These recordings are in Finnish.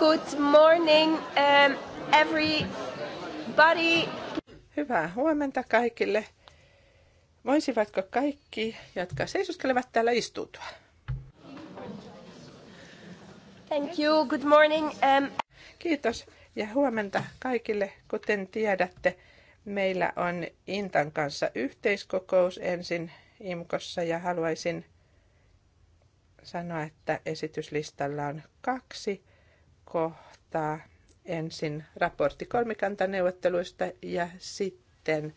Good morning um, everybody. Hyvää huomenta kaikille. Voisivatko kaikki, jotka seisoskelevat täällä istuutua? Thank you. Good morning. Um... Kiitos ja huomenta kaikille. Kuten tiedätte, meillä on Intan kanssa yhteiskokous ensin IMKossa ja haluaisin sanoa, että esityslistalla on kaksi kohtaa. Ensin raportti kolmikantaneuvotteluista ja sitten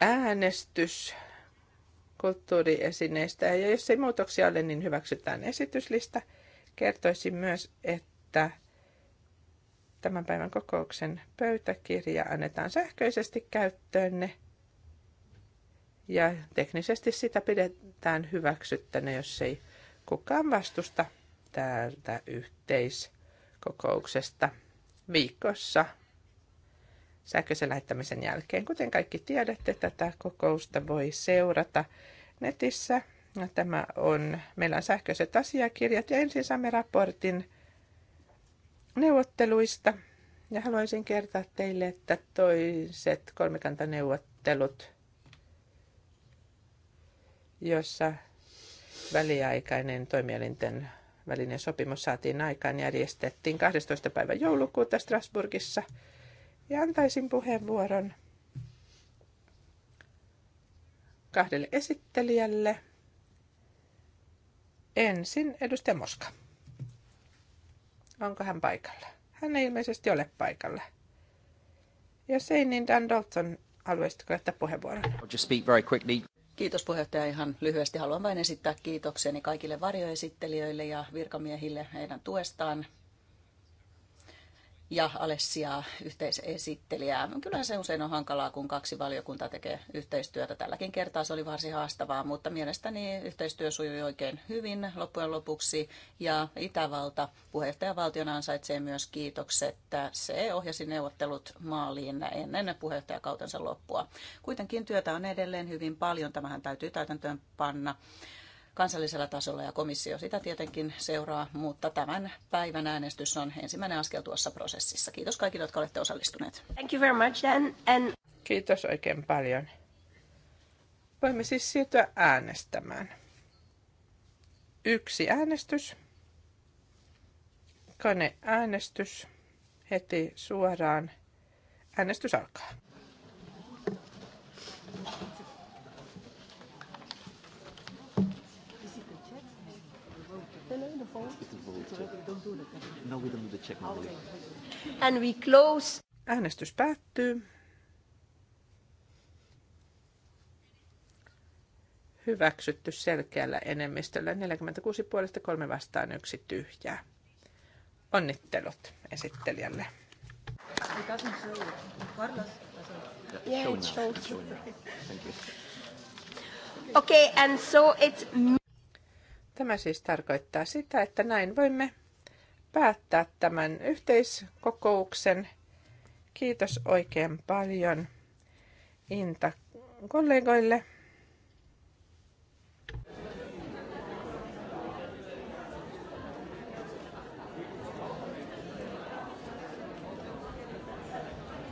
äänestys kulttuuriesineistä. Ja jos ei muutoksia ole, niin hyväksytään esityslista. Kertoisin myös, että tämän päivän kokouksen pöytäkirja annetaan sähköisesti käyttöönne. Ja teknisesti sitä pidetään hyväksyttänä, jos ei kukaan vastusta täältä yhteiskokouksesta viikossa sähköisen lähettämisen jälkeen. Kuten kaikki tiedätte, tätä kokousta voi seurata netissä. tämä on, meillä on sähköiset asiakirjat ja ensin saamme raportin neuvotteluista. Ja haluaisin kertoa teille, että toiset kolmikantaneuvottelut, jossa väliaikainen toimielinten välinen sopimus saatiin aikaan, järjestettiin 12. päivä joulukuuta Strasburgissa. Ja antaisin puheenvuoron kahdelle esittelijälle. Ensin edustaja Moska. Onko hän paikalla? Hän ei ilmeisesti ole paikalla. ja Seinin niin Dan Dalton haluaisitko käyttää puheenvuoron? I'll just speak very quickly. Kiitos puheenjohtaja. Ihan lyhyesti haluan vain esittää kiitokseni kaikille varjoesittelijöille ja virkamiehille heidän tuestaan ja Alessia yhteisesittelijää. No, Kyllä se usein on hankalaa, kun kaksi valiokuntaa tekee yhteistyötä. Tälläkin kertaa se oli varsin haastavaa, mutta mielestäni yhteistyö sujui oikein hyvin loppujen lopuksi. Ja Itävalta puheenjohtajavaltion ansaitsee myös kiitokset. että Se ohjasi neuvottelut maaliin ennen puheenjohtajakautensa loppua. Kuitenkin työtä on edelleen hyvin paljon. Tämähän täytyy täytäntöön panna kansallisella tasolla ja komissio sitä tietenkin seuraa, mutta tämän päivän äänestys on ensimmäinen askel tuossa prosessissa. Kiitos kaikille, jotka olette osallistuneet. Thank you very much, Dan. And... Kiitos oikein paljon. Voimme siis siirtyä äänestämään. Yksi äänestys. Kone äänestys heti suoraan. Äänestys alkaa. No, and we close. Äänestys päättyy. Hyväksytty selkeällä enemmistöllä 46 puolesta 3 vastaan yksi tyhjää. Onnittelut esittelijälle. Okay, and so it's... Tämä siis tarkoittaa sitä, että näin voimme päättää tämän yhteiskokouksen. Kiitos oikein paljon Inta kollegoille.